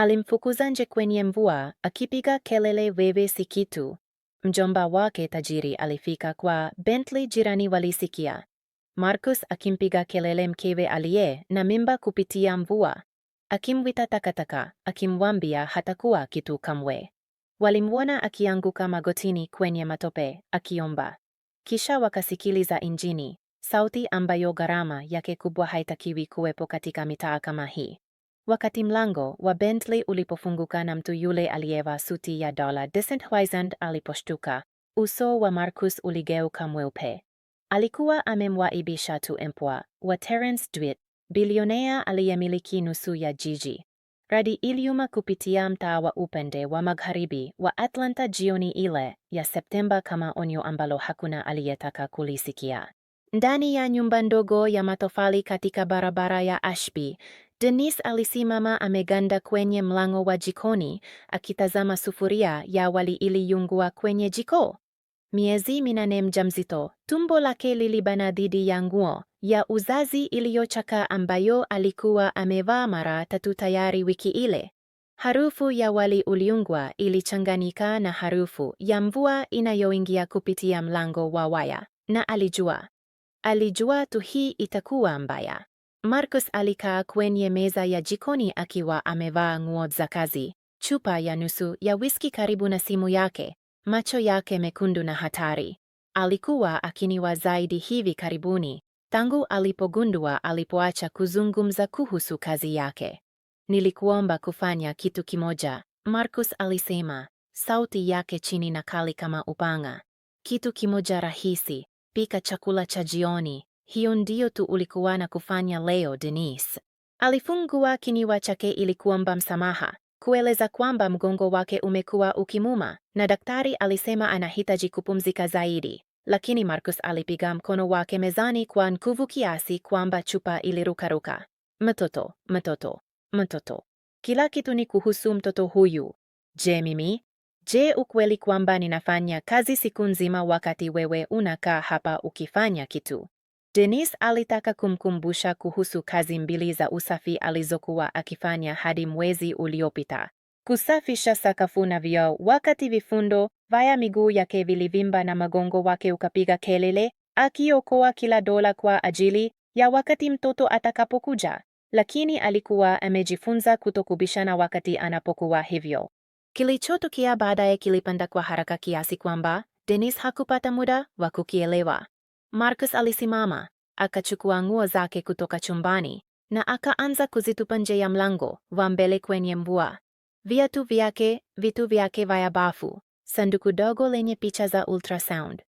Alimfukuza nje kwenye mvua, akipiga kelele, wewe si kitu. Mjomba wake tajiri alifika kwa Bentley, jirani walisikia. Marcus akimpiga kelele mkewe aliye na mimba kupitia mvua, akimwita takataka, akimwambia hatakuwa kitu kamwe. Walimwona akianguka magotini kwenye matope akiomba, kisha wakasikiliza injini, sauti ambayo gharama yake kubwa haitakiwi kuwepo katika mitaa kama hii. Wakati mlango wa Bentley ulipofunguka na mtu yule aliyevaa suti ya dola Densweisendt aliposhtuka, uso wa Marcus uligeuka mweupe. Alikuwa amemwaibisha tu empwa wa Terence dwit bilionea aliyemiliki nusu ya jiji. Radi iliuma kupitia mtaa wa upende wa magharibi wa Atlanta jioni ile ya Septemba kama onyo ambalo hakuna aliyetaka kulisikia. Ndani ya nyumba ndogo ya matofali katika barabara ya Ashby, Denise alisimama ameganda kwenye mlango wa jikoni akitazama sufuria ya wali iliyungua kwenye jiko. Miezi minane mjamzito, tumbo lake lilibana dhidi ya nguo ya uzazi iliyochaka ambayo alikuwa amevaa mara tatu tayari wiki ile. Harufu ya wali uliungwa ilichanganyika na harufu ya mvua inayoingia kupitia mlango wa waya, na alijua, alijua tu hii itakuwa mbaya. Marcus alikaa kwenye meza ya jikoni akiwa amevaa nguo za kazi, chupa ya nusu ya whisky karibu na simu yake, macho yake mekundu na hatari. Alikuwa akiniwa zaidi hivi karibuni, tangu alipogundua alipoacha kuzungumza kuhusu kazi yake. Nilikuomba kufanya kitu kimoja, Marcus alisema, sauti yake chini na kali kama upanga. Kitu kimoja rahisi, pika chakula cha jioni, hiyo ndiyo tu ulikuwa na kufanya leo, Denise. Alifungua kinywa chake ili kuomba msamaha, kueleza kwamba mgongo wake umekuwa ukimuma na daktari alisema anahitaji kupumzika zaidi, lakini Marcus alipiga mkono wake mezani kwa nguvu kiasi kwamba chupa ilirukaruka. Mtoto, mtoto, mtoto, kila kitu ni kuhusu mtoto huyu. Je, mimi? Je, ukweli kwamba ninafanya kazi siku nzima wakati wewe unakaa hapa ukifanya kitu Denis alitaka kumkumbusha kuhusu kazi mbili za usafi alizokuwa akifanya hadi mwezi uliopita: kusafisha sakafu na vyoo, wakati vifundo vya miguu yake vilivimba na magongo wake ukapiga kelele, akiokoa kila dola kwa ajili ya wakati mtoto atakapokuja. Lakini alikuwa amejifunza kutokubishana wakati anapokuwa hivyo. Kilichotokea baadaye kilipanda kwa haraka kiasi kwamba Denise hakupata muda wa kukielewa. Marcus alisimama, akachukua nguo zake kutoka chumbani na akaanza kuzitupa nje ya mlango wa mbele kwenye mbua Viatu vyake, vitu vyake vya bafu, sanduku dogo lenye picha za ultrasound,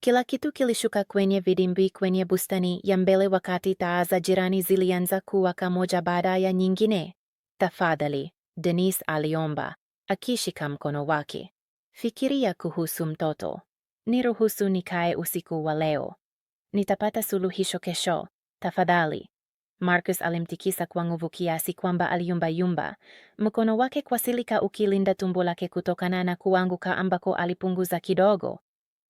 kila kitu kilishuka kwenye vidimbwi kwenye bustani ya mbele, wakati taa za jirani zilianza kuwaka moja baada ya nyingine. Tafadhali, denise aliomba, akishika mkono wake. Fikiria kuhusu mtoto. Niruhusu nikae usiku wa leo. Nitapata suluhisho kesho, tafadhali. Marcus alimtikisa kwa nguvu kiasi kwamba aliyumbayumba, mkono wake kwa silika ukilinda tumbo lake kutokana na kuanguka ambako alipunguza kidogo.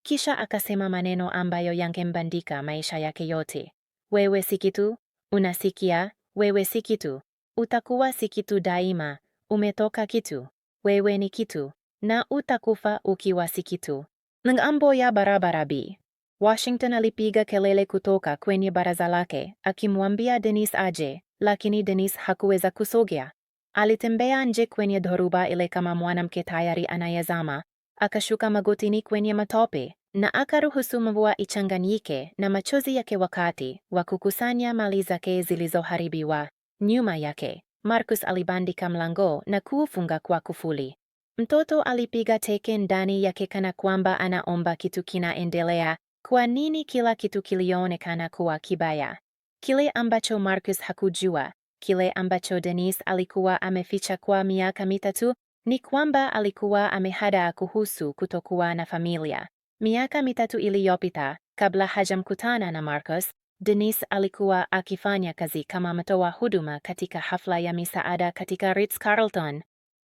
Kisha akasema maneno ambayo yangembandika maisha yake yote. Wewe si kitu, unasikia? Wewe si kitu, utakuwa si kitu daima, umetoka kitu, wewe ni kitu na utakufa ukiwa si kitu. Ng'ambo ya barabara B. Washington alipiga kelele kutoka kwenye baraza lake akimwambia Denis aje, lakini Denis hakuweza kusogea. Alitembea nje kwenye dhoruba ile kama mwanamke tayari anayezama, akashuka magotini kwenye matope na akaruhusu mvua ichanganyike na machozi yake wakati wa kukusanya mali zake zilizoharibiwa. Nyuma yake, Marcus alibandika mlango na kuufunga kwa kufuli. Mtoto alipiga teke ndani yake kana kwamba anaomba kitu kinaendelea, kwa nini kila kitu kilionekana kuwa kibaya? Kile ambacho Marcus hakujua, kile ambacho Denise alikuwa ameficha kwa miaka mitatu ni kwamba alikuwa amehadaa kuhusu kutokuwa na familia. Miaka mitatu iliyopita, kabla hajamkutana na Marcus, Denise alikuwa akifanya kazi kama mtoa huduma katika hafla ya misaada katika Ritz-Carlton.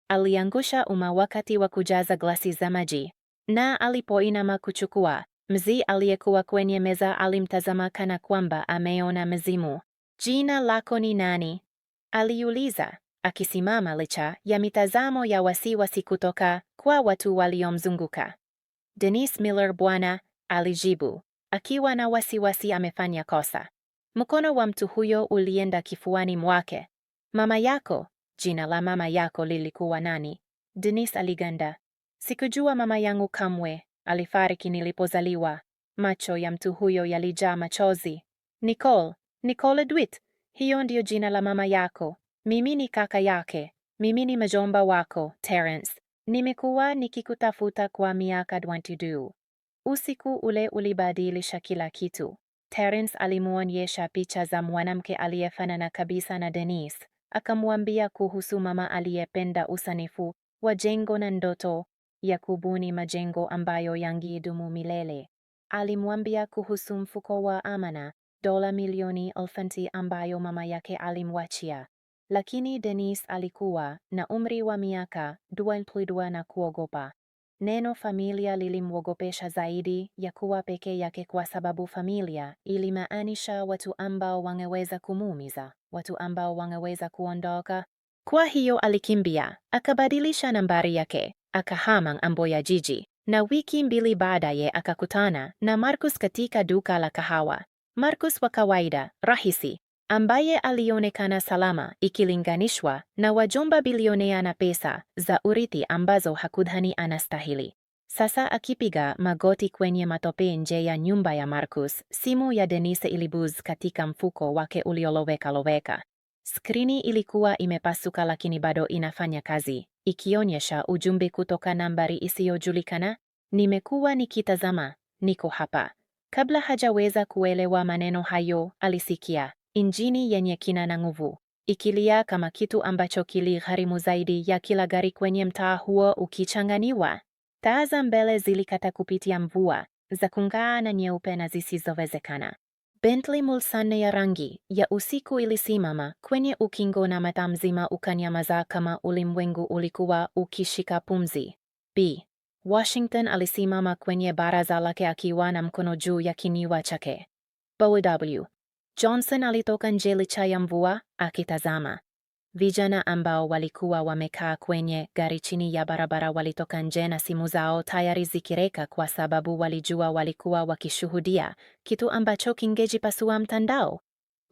Aliangusha uma wakati wa kujaza glasi za maji, na alipoinama kuchukua, Mzee aliyekuwa kwenye meza alimtazama kana kwamba ameona mzimu. Jina lako ni nani? aliuliza, akisimama licha ya mitazamo ya wasiwasi kutoka kwa watu waliomzunguka. Denise Miller bwana, alijibu, akiwa na wasiwasi amefanya kosa. Mkono wa mtu huyo ulienda kifuani mwake. Mama yako? Jina la mama yako lilikuwa nani? Denise aliganda. Sikujua mama yangu kamwe, alifariki nilipozaliwa. Macho ya mtu huyo yalijaa machozi. Nicole, Nicole Edwit, hiyo ndiyo jina la mama yako. Mimi ni kaka yake. Mimi ni mjomba wako Terence. Nimekuwa nikikutafuta kwa miaka 22. Usiku ule ulibadilisha kila kitu. Terence alimwonyesha picha za mwanamke aliyefanana kabisa na Denise, akamwambia kuhusu mama aliyependa usanifu wa jengo na ndoto ya kubuni majengo ambayo yangidumu milele. Alimwambia kuhusu mfuko wa amana dola milioni elfu ambayo mama yake alimwachia, lakini Denis alikuwa na umri wa miaka dua na kuogopa. Neno familia lilimwogopesha zaidi ya kuwa peke yake, kwa sababu familia ilimaanisha watu ambao wangeweza kumuumiza, watu ambao wangeweza kuondoka. Kwa hiyo alikimbia, akabadilisha nambari yake akahama ng'ambo ya jiji, na wiki mbili baadaye akakutana na Marcus katika duka la kahawa. Marcus wa kawaida, rahisi, ambaye alionekana salama ikilinganishwa na wajomba bilionea na pesa za urithi ambazo hakudhani anastahili. Sasa akipiga magoti kwenye matope nje ya nyumba ya Marcus, simu ya Denise ilibuz katika mfuko wake ulioloweka loweka. Skrini ilikuwa imepasuka lakini bado inafanya kazi ikionyesha ujumbe kutoka nambari isiyojulikana, nimekuwa nikitazama, niko hapa. Kabla hajaweza kuelewa maneno hayo, alisikia injini yenye kina na nguvu ikilia kama kitu ambacho kiligharimu zaidi ya kila gari kwenye mtaa huo ukichanganiwa. Taa za mbele zilikata kupitia mvua za kung'aa na nyeupe na zisizowezekana. Bentley Mulsanne ya rangi ya usiku ilisimama kwenye ukingo na mtaa mzima ukanyamaza kama ulimwengu ulikuwa ukishika pumzi. B. Washington alisimama kwenye baraza lake akiwa na mkono juu ya kinywa chake. Bow W. Johnson alitoka nje licha ya mvua akitazama. Vijana ambao walikuwa wamekaa kwenye gari chini ya barabara walitoka nje na simu zao tayari zikireka, kwa sababu walijua walikuwa wakishuhudia kitu ambacho kingejipasua mtandao.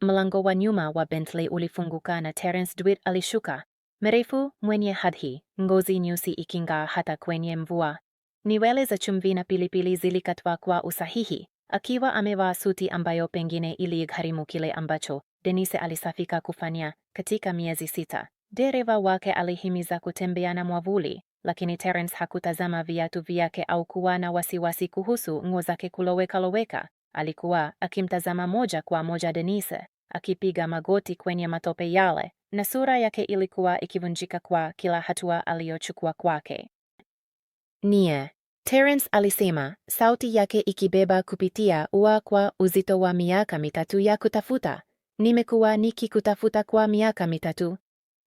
Mlango wa nyuma wa Bentley ulifunguka na Terence Dwight alishuka, mrefu, mwenye hadhi, ngozi nyeusi iking'aa hata kwenye mvua. Nywele za chumvi na pilipili zilikatwa kwa usahihi, akiwa amevaa suti ambayo pengine iligharimu kile ambacho Denise alisafika kufanya katika miezi sita. Dereva wake alihimiza kutembea na mwavuli, lakini Terence hakutazama viatu vyake au kuwa na wasiwasi kuhusu nguo zake kulowekaloweka. Alikuwa akimtazama moja kwa moja Denise akipiga magoti kwenye matope yale, na sura yake ilikuwa ikivunjika kwa kila hatua aliyochukua kwake. Nie, Terence alisema, sauti yake ikibeba kupitia ua kwa uzito wa miaka mitatu ya kutafuta. Nimekuwa nikikutafuta kwa miaka mitatu.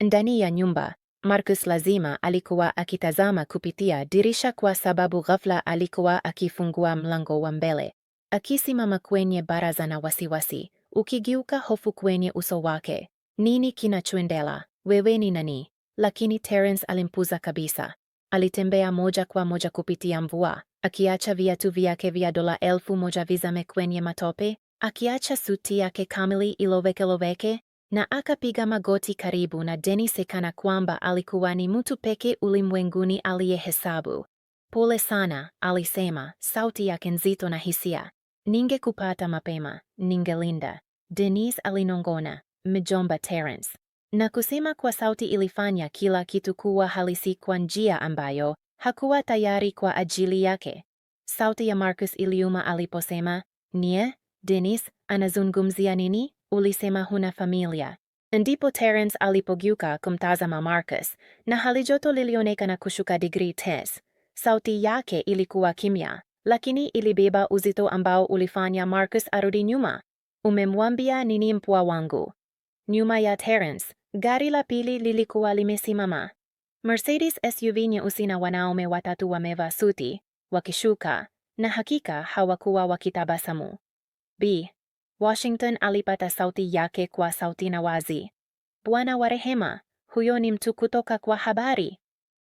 Ndani ya nyumba, Marcus lazima alikuwa akitazama kupitia dirisha kwa sababu ghafla alikuwa akifungua mlango wa mbele. Akisimama kwenye baraza na wasiwasi, ukigeuka hofu kwenye uso wake. Nini kinachoendelea? Wewe ni nani? Lakini Terence alimpuza kabisa. Alitembea moja kwa moja kupitia mvua, akiacha viatu vyake vya dola elfu moja vizame kwenye matope, akiacha suti yake kamili ilovekeloveke na akapiga magoti karibu na Denise kana kwamba alikuwa ni mtu peke ulimwenguni aliyehesabu. Pole sana, alisema, sauti yake nzito na hisia. Ningekupata mapema, ningelinda. denis alinongona, mjomba Terence. Na kusema kwa sauti ilifanya kila kitu kuwa halisi kwa njia ambayo hakuwa tayari kwa ajili yake. Sauti ya Marcus iliuma aliposema, nie Dennis anazungumzia nini? Ulisema huna familia. Ndipo Terence alipogeuka kumtazama Marcus na hali joto lilionekana kushuka digrii tes Sauti yake ilikuwa kimya, lakini ilibeba uzito ambao ulifanya Marcus arudi nyuma. Umemwambia nini mpwa wangu? Nyuma ya Terence, gari la pili lilikuwa limesimama. Mercedes SUV nyeusi na wanaume watatu wamevaa suti wakishuka, na hakika hawakuwa wakitabasamu. B. Washington alipata sauti yake kwa sauti na wazi. Bwana wa rehema, huyo ni mtu kutoka kwa habari.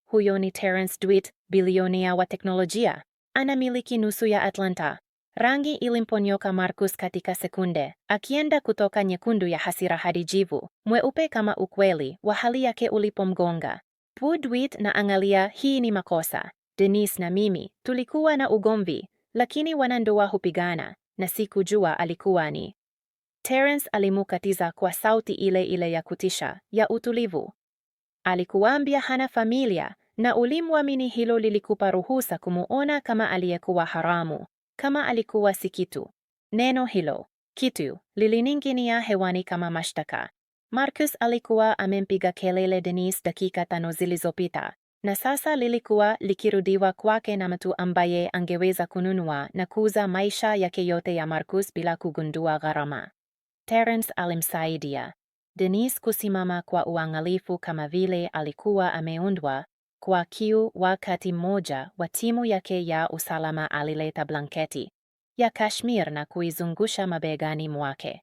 Huyo ni Terence Dwight, bilionea wa teknolojia. Anamiliki nusu ya Atlanta. Rangi ilimponyoka Marcus katika sekunde, akienda kutoka nyekundu ya hasira hadi jivu, mweupe kama ukweli wa hali yake ulipomgonga. Dwight na angalia, hii ni makosa. Denise na mimi tulikuwa na ugomvi, lakini wanandoa hupigana na sikujua alikuwa ni. Terence alimukatiza kwa sauti ile ile ya kutisha ya utulivu. Alikuambia hana familia na ulimwamini. Hilo lilikupa ruhusa kumuona kama aliyekuwa haramu, kama alikuwa si kitu. Neno hilo kitu lilining'inia hewani kama mashtaka. Marcus alikuwa amempiga kelele Denise dakika tano zilizopita, na sasa lilikuwa likirudiwa kwake na mtu ambaye angeweza kununua na kuuza maisha yake yote ya Marcus bila kugundua gharama. Terence alimsaidia Denis kusimama kwa uangalifu kama vile alikuwa ameundwa kwa kiu. Wakati mmoja wa timu yake ya usalama alileta blanketi ya Kashmir na kuizungusha mabegani mwake.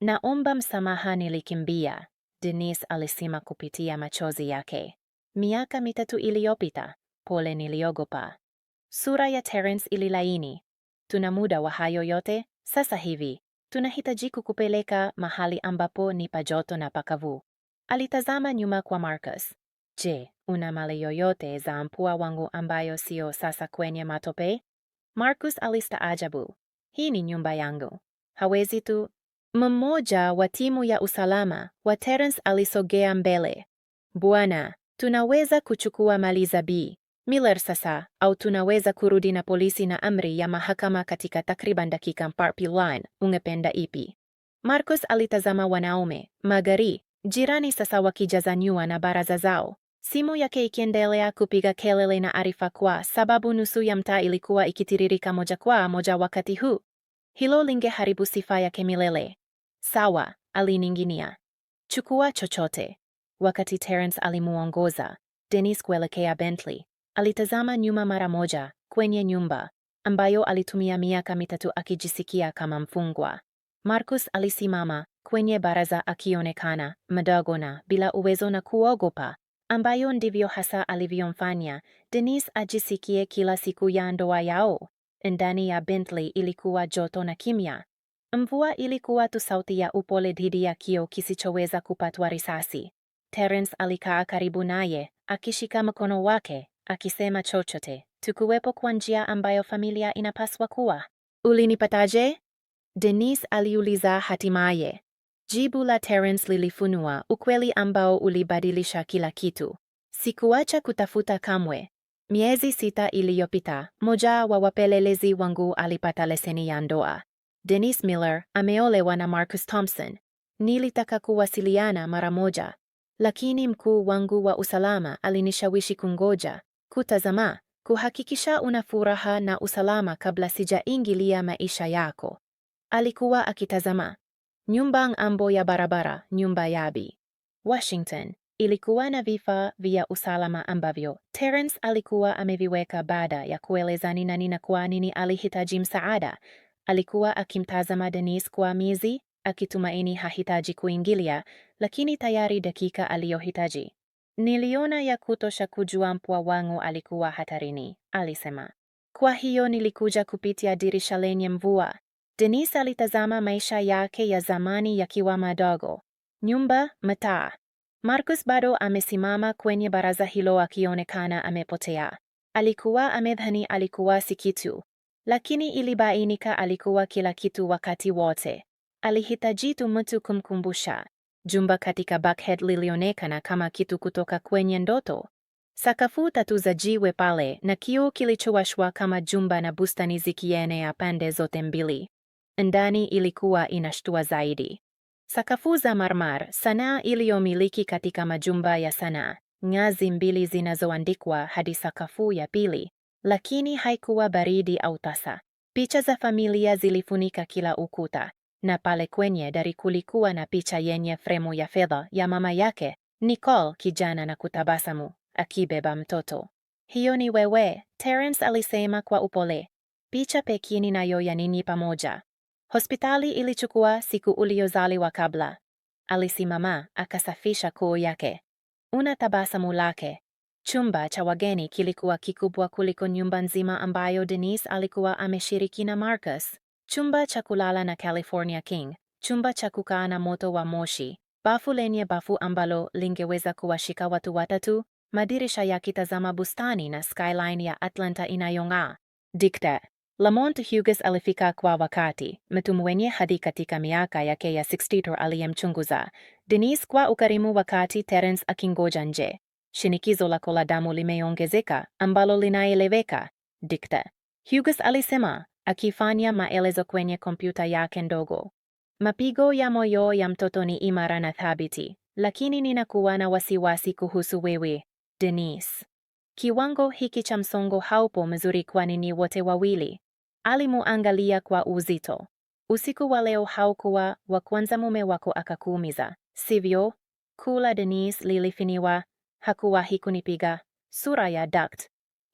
Naomba msamaha, nilikimbia, Denis alisema kupitia machozi yake. Miaka mitatu iliyopita, pole niliogopa. Sura ya Terence ililaini. Tuna muda wa hayo yote sasa hivi. Tunahitaji kukupeleka mahali ambapo ni pajoto na pakavu. Alitazama nyuma kwa Marcus. Je, una mali yoyote za mpua wangu ambayo sio sasa kwenye matope? Marcus alistaajabu. Hii ni nyumba yangu. Hawezi tu. Mmoja wa timu ya usalama wa Terence alisogea mbele. Bwana, Tunaweza kuchukua mali za Bi Miller sasa au tunaweza kurudi na polisi na amri ya mahakama katika takriban dakika Line, Ungependa ipi? Marcus alitazama wanaume, magari, jirani sasa wakijazanyua na baraza zao, simu yake ikiendelea kupiga kelele na arifa, kwa sababu nusu ya mtaa ilikuwa ikitiririka moja kwa moja wakati huu. Hilo lingeharibu sifa yake milele. Sawa, alininginia, chukua chochote Wakati Terence alimuongoza Dennis kuelekea Bentley, alitazama nyuma mara moja kwenye nyumba ambayo alitumia miaka mitatu akijisikia kama mfungwa. Marcus alisimama kwenye baraza akionekana mdogo na bila uwezo na kuogopa, ambayo ndivyo hasa alivyomfanya Denis ajisikie kila siku ya ndoa yao. Ndani ya Bentley ilikuwa joto na kimya. Mvua ilikuwa tu sauti ya upole dhidi ya kio kisichoweza kupatwa risasi. Terence alikaa karibu naye, akishika mkono wake, akisema chochote. Tukuwepo kwa njia ambayo familia inapaswa kuwa. Ulinipataje? Denise aliuliza hatimaye. Jibu la Terence lilifunua ukweli ambao ulibadilisha kila kitu. Sikuacha kutafuta kamwe. Miezi sita iliyopita, moja wa wapelelezi wangu alipata leseni ya ndoa. Denise Miller ameolewa na Marcus Thompson. Nilitaka kuwasiliana mara moja, lakini mkuu wangu wa usalama alinishawishi kungoja, kutazama, kuhakikisha una furaha na usalama kabla sijaingilia maisha yako. Alikuwa akitazama nyumba ng'ambo ya barabara, nyumba ya Bi Washington ilikuwa na vifaa vya usalama ambavyo Terence alikuwa ameviweka baada ya kueleza ni nani na kwa nini alihitaji msaada. Alikuwa akimtazama Denise kwa miezi akitumaini hahitaji kuingilia, lakini tayari dakika aliyohitaji. Niliona ya kutosha kujua mpwa wangu alikuwa hatarini, alisema. Kwa hiyo nilikuja kupitia dirisha lenye mvua. Denis alitazama maisha yake ya zamani yakiwa madogo, nyumba, mtaa. Marcus bado amesimama kwenye baraza hilo akionekana amepotea. Alikuwa amedhani alikuwa si kitu, lakini ilibainika alikuwa kila kitu wakati wote alihitaji tu mtu kumkumbusha. Jumba katika Buckhead lilionekana kama kitu kutoka kwenye ndoto. Sakafu tatu za jiwe pale na kioo kilichowashwa kama jumba na bustani zikienea pande zote mbili. Ndani ilikuwa inashtua zaidi. Sakafu za marmar, sanaa iliyomiliki katika majumba ya sanaa, ngazi mbili zinazoandikwa hadi sakafu ya pili, lakini haikuwa baridi au tasa. Picha za familia zilifunika kila ukuta, na pale kwenye dari kulikuwa na picha yenye fremu ya fedha ya mama yake Nicole, kijana na kutabasamu, akibeba mtoto. Hiyo ni wewe, Terence alisema kwa upole. Picha pekee ninayo ya ninyi pamoja. Hospitali ilichukua siku uliozaliwa kabla. Alisimama akasafisha koo yake. Una tabasamu lake. Chumba cha wageni kilikuwa kikubwa kuliko nyumba nzima ambayo Denise alikuwa ameshiriki na Marcus chumba cha kulala na California King, chumba cha kukaa na moto wa moshi, bafu lenye bafu ambalo lingeweza kuwashika watu watatu, madirisha yakitazama bustani na skyline ya Atlanta inayong'aa. Dikta Lamont Hughes alifika kwa wakati, mtu mwenye hadhi katika miaka yake ya 60 aliyemchunguza Denise kwa ukarimu wakati Terence akingoja nje. Shinikizo lako la damu limeongezeka ambalo linaeleweka, Dikta Hughes alisema, akifanya maelezo kwenye kompyuta yake ndogo. Mapigo ya moyo ya mtoto ni imara na thabiti, lakini ninakuwa na wasiwasi kuhusu wewe, Denise. Kiwango hiki cha msongo haupo mzuri kwa nini wote wawili. Alimuangalia kwa uzito. Usiku wa leo haukuwa wa kwanza mume wako akakuumiza, sivyo? Kula Denise lilifiniwa. Hakuwahi kunipiga. Sura ya Dkt.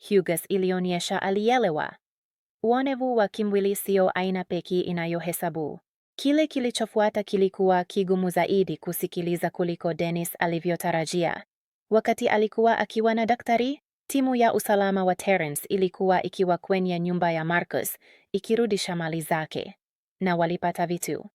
Hughes ilionyesha alielewa. Uonevu wa Kimbwili sio aina pekee inayohesabu. Kile kilichofuata kilikuwa kigumu zaidi kusikiliza kuliko Dennis alivyotarajia. Wakati alikuwa akiwa na daktari, timu ya usalama wa Terence ilikuwa ikiwa kwenye nyumba ya Marcus ikirudisha mali zake, na walipata vitu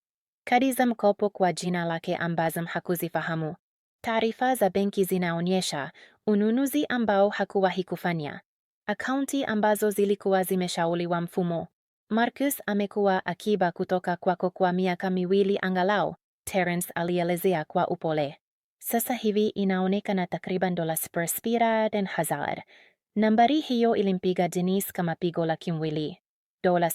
kadi za mkopo kwa jina lake ambazo hakuzifahamu. Taarifa za benki zinaonyesha ununuzi ambao hakuwahi kufanya, akaunti ambazo zilikuwa zimeshauliwa mfumo. Marcus amekuwa akiba kutoka kwako kwa miaka miwili angalau, Terence alielezea kwa upole. Sasa hivi inaonekana takriban dola elfu mbili hazard. Nambari hiyo ilimpiga denis kama pigo la kimwili. Dola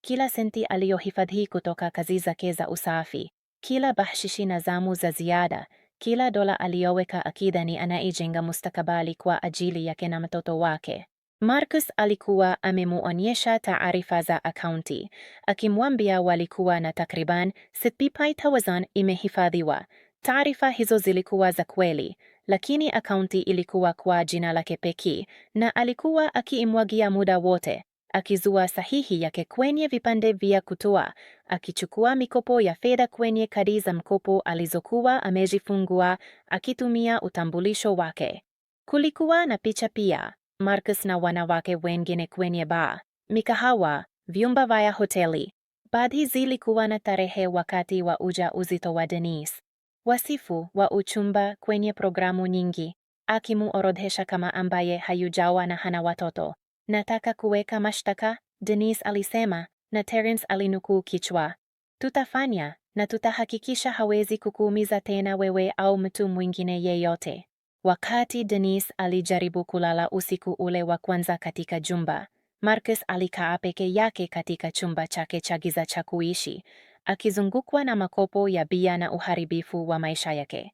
kila senti aliyohifadhi kutoka kazi zake za usafi, kila bahshishi na zamu za ziada kila dola aliyoweka ni anaijenga mustakabali kwa ajili yake na mtoto wake. Marcus alikuwa amemuonyesha taarifa za akaunti, akimwambia walikuwa na takriban 65000 imehifadhiwa. Taarifa hizo zilikuwa za kweli, lakini akaunti ilikuwa kwa jina lake pekee, na alikuwa akiimwagia muda wote akizua sahihi yake kwenye vipande vya kutoa, akichukua mikopo ya fedha kwenye kadi za mkopo alizokuwa amezifungua akitumia utambulisho wake. Kulikuwa na picha pia, Marcus na wanawake wengine kwenye baa, mikahawa, vyumba vya hoteli. Baadhi zilikuwa na tarehe wakati wa uzito wa Denise. Wasifu wa uchumba kwenye programu nyingi, akimuorodhesha kama ambaye hayujawa na hana watoto. Nataka kuweka mashtaka, Denise alisema, na Terence alinukuu kichwa. Tutafanya na tutahakikisha hawezi kukuumiza tena wewe au mtu mwingine yeyote. Wakati Denise alijaribu kulala usiku ule wa kwanza katika jumba, Marcus alikaa peke yake katika chumba chake cha giza cha kuishi, akizungukwa na makopo ya bia na uharibifu wa maisha yake.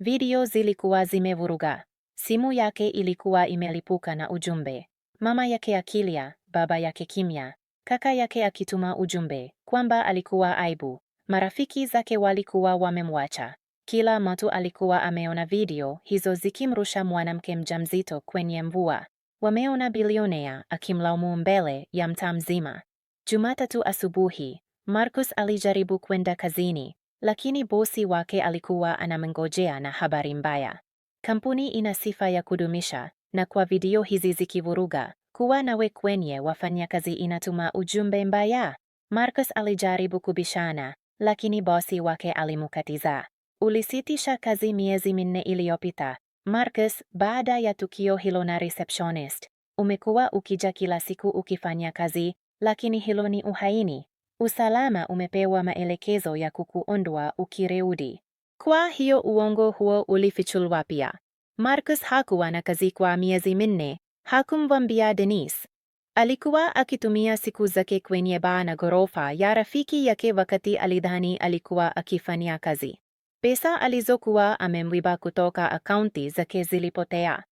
Video zilikuwa zimevuruga, simu yake ilikuwa imelipuka na ujumbe mama yake akilia, baba yake kimya, kaka yake akituma ujumbe kwamba alikuwa aibu. Marafiki zake walikuwa wamemwacha. Kila mtu alikuwa ameona video hizo zikimrusha mwanamke mjamzito kwenye mvua. Wameona bilionea akimlaumu mbele ya mtaa mzima. Jumatatu asubuhi, Marcus alijaribu kwenda kazini, lakini bosi wake alikuwa anamngojea na habari mbaya. Kampuni ina sifa ya kudumisha na kwa video hizi zikivuruga kuwa nawe kwenye wafanyakazi inatuma ujumbe mbaya. Marcus alijaribu kubishana, lakini bosi wake alimkatiza. Ulisitisha kazi miezi minne iliyopita, Marcus, baada ya tukio hilo na receptionist. Umekuwa ukija kila siku ukifanya kazi, lakini hilo ni uhaini. Usalama umepewa maelekezo ya kukuondoa ukirudi. Kwa hiyo uongo huo ulifichulwa pia. Marcus hakuwa na kazi kwa miezi minne. Hakumwambia Denise. Alikuwa akitumia siku zake kwenye baa na ghorofa ya rafiki yake wakati alidhani alikuwa akifanya kazi. Pesa alizokuwa amemwiba kutoka akaunti zake zilipotea.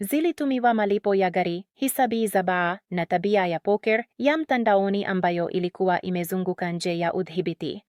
Zilitumiwa malipo ya gari, hisabi za baa na tabia ya poker ya mtandaoni ambayo ilikuwa imezunguka nje ya udhibiti.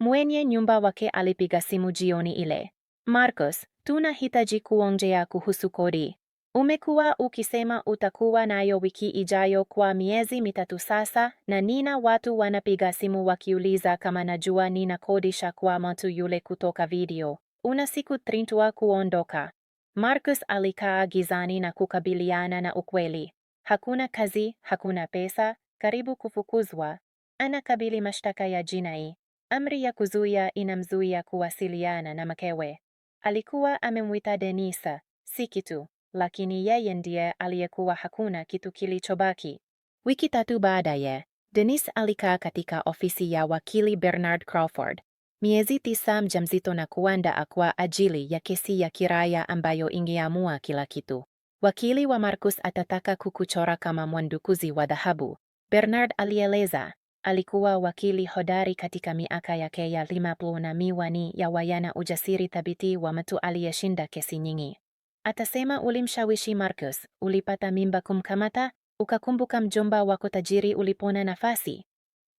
Mwenye nyumba wake alipiga simu jioni ile. Marcos, tunahitaji kuongea kuhusu kodi. Umekuwa ukisema utakuwa nayo wiki ijayo kwa miezi mitatu sasa, na nina watu wanapiga simu wakiuliza kama najua ninakodisha kwa mtu yule kutoka video. Una siku 30 kuondoka. Marcus alikaa gizani na kukabiliana na ukweli. Hakuna kazi, hakuna pesa, karibu kufukuzwa. Anakabili mashtaka ya jinai. Amri ya kuzuia inamzuia kuwasiliana na mkewe. Alikuwa amemwita Denisa, si kitu, lakini yeye ndiye aliyekuwa hakuna kitu kilichobaki. Wiki tatu baadaye, Denis alikaa katika ofisi ya wakili Bernard Crawford, miezi tisa mjamzito na kuandaa kwa ajili ya kesi ya kiraya ambayo ingeamua kila kitu. Wakili wa Marcus atataka kukuchora kama mwandukuzi wa dhahabu, Bernard alieleza. Alikuwa wakili hodari katika miaka yake ya limapo na miwani ya wayana ujasiri thabiti wa mtu aliyeshinda kesi nyingi. Atasema ulimshawishi Marcus, ulipata mimba kumkamata, ukakumbuka mjomba wako tajiri ulipona nafasi.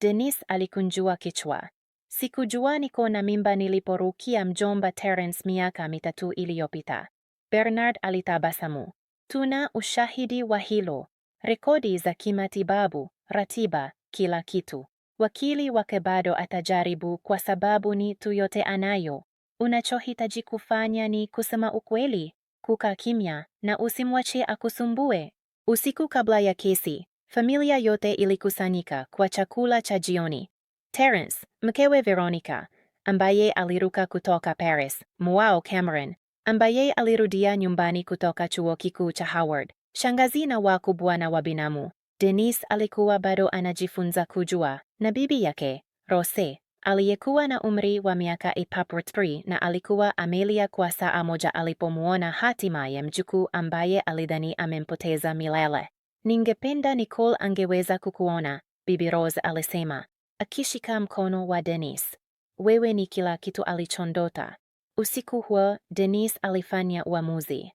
Denis alikunjua kichwa. Sikujua niko na mimba niliporukia mjomba Terence miaka mitatu iliyopita. Bernard alitabasamu. Tuna ushahidi wa hilo, rekodi za kimatibabu, ratiba, kila kitu. Wakili wake bado atajaribu kwa sababu ni tu yote anayo. Unachohitaji kufanya ni kusema ukweli, kukaa kimya na usimwache akusumbue. Usiku kabla ya kesi, familia yote ilikusanyika kwa chakula cha jioni. Terence, mkewe Veronica, ambaye aliruka kutoka Paris, mwao Cameron, ambaye alirudia nyumbani kutoka chuo kikuu cha Howard, shangazi na wakubwa na wabinamu, Denis alikuwa bado anajifunza kujua, na bibi yake Rose aliyekuwa na umri wa miaka ipapotri na alikuwa amelia kwa saa moja alipomuona hatimaye mjukuu ambaye alidhani amempoteza milele. Ningependa Nicole angeweza kukuona, bibi Rose alisema, akishika mkono wa Denis. Wewe ni kila kitu alichondota. Usiku huo Denis alifanya uamuzi.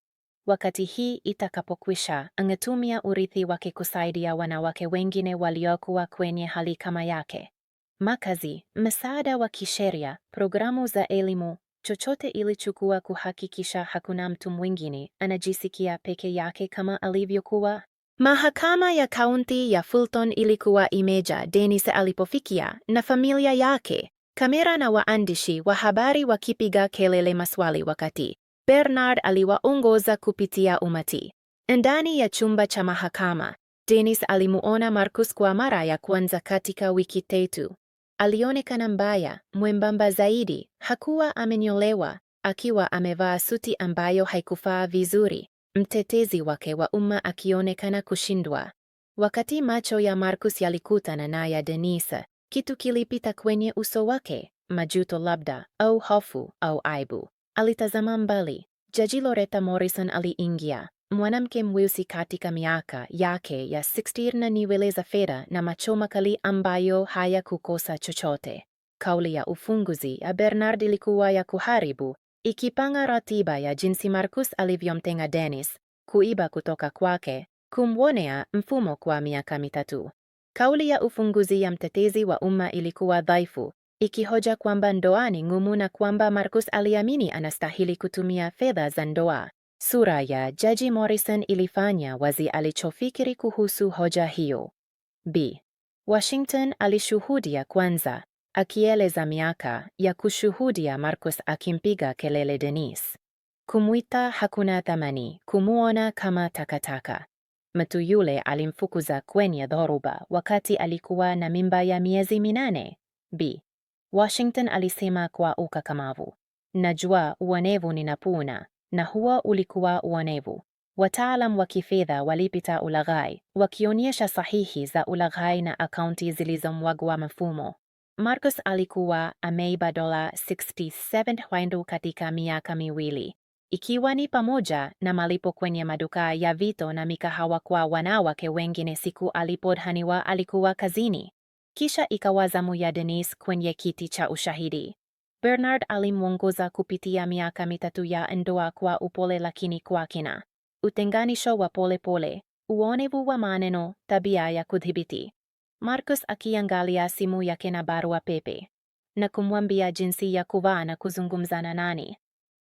Wakati hii itakapokwisha, angetumia urithi wake kusaidia wanawake wengine waliokuwa kwenye hali kama yake. Makazi, msaada wa kisheria, programu za elimu, chochote ilichukua kuhakikisha hakuna mtu mwingine anajisikia peke yake kama alivyokuwa. Mahakama ya kaunti ya Fulton ilikuwa imeja Dennis alipofikia na familia yake, kamera na waandishi wa habari wakipiga kelele maswali wakati Bernard aliwaongoza kupitia umati. Ndani ya chumba cha mahakama, Dennis alimuona Marcus kwa mara ya kwanza katika wiki tatu. Alionekana mbaya, mwembamba zaidi, hakuwa amenyolewa, akiwa amevaa suti ambayo haikufaa vizuri, mtetezi wake wa umma akionekana kushindwa. Wakati macho ya Marcus yalikutana na ya Denisa, kitu kilipita kwenye uso wake, majuto labda, au hofu, au aibu. Alitazama mbali. Jaji Loretta Morrison aliingia, mwanamke mweusi katika miaka yake ya 60 na nywele za fedha na macho makali ambayo hayakukosa chochote. Kauli ya ufunguzi ya Bernard ilikuwa ya kuharibu, ikipanga ratiba ya jinsi Marcus alivyomtenga Dennis, kuiba kutoka kwake, kumwonea mfumo kwa miaka mitatu. Kauli ya ufunguzi ya mtetezi wa umma ilikuwa dhaifu, ikihoja kwamba ndoa ni ngumu na kwamba Marcus aliamini anastahili kutumia fedha za ndoa. Sura ya Jaji Morrison ilifanya wazi alichofikiri kuhusu hoja hiyo. B. Washington alishuhudia kwanza, akieleza miaka ya kushuhudia Marcus akimpiga kelele Denis. Kumwita hakuna thamani, kumwona kama takataka. Mtu yule alimfukuza kwenye dhoruba wakati alikuwa na mimba ya miezi minane. B. Washington alisema kwa ukakamavu, najua uonevu ni napuna na huo ulikuwa uonevu. Wataalam wa kifedha walipita ulaghai, wakionyesha sahihi za ulaghai na akaunti zilizomwagwa mfumo. Marcus alikuwa ameiba dola 67 katika miaka miwili, ikiwa ni pamoja na malipo kwenye maduka ya vito na mikahawa kwa wanawake wengine. Siku alipodhaniwa alikuwa kazini, kisha ikawa zamu ya denise kwenye kiti cha ushahidi. Bernard alimwongoza kupitia miaka mitatu ya ndoa kwa upole lakini kwa kina, utenganisho wa pole, uonevu wa maneno, tabia ya kudhibiti. Marcus akiangalia simu yake na barua pepe na kumwambia jinsi ya kuvaa na kuzungumza na nani.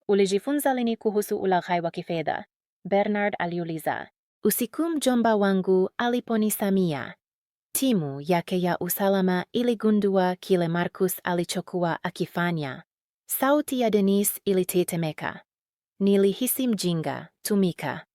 Ulijifunza lini kuhusu ulaghai wa kifedha? Bernard aliuliza. Usiku mjomba wangu aliponisamia, Timu yake ya usalama iligundua kile Marcus alichokuwa akifanya. Sauti ya Denise ilitetemeka. Nilihisi mjinga, tumika.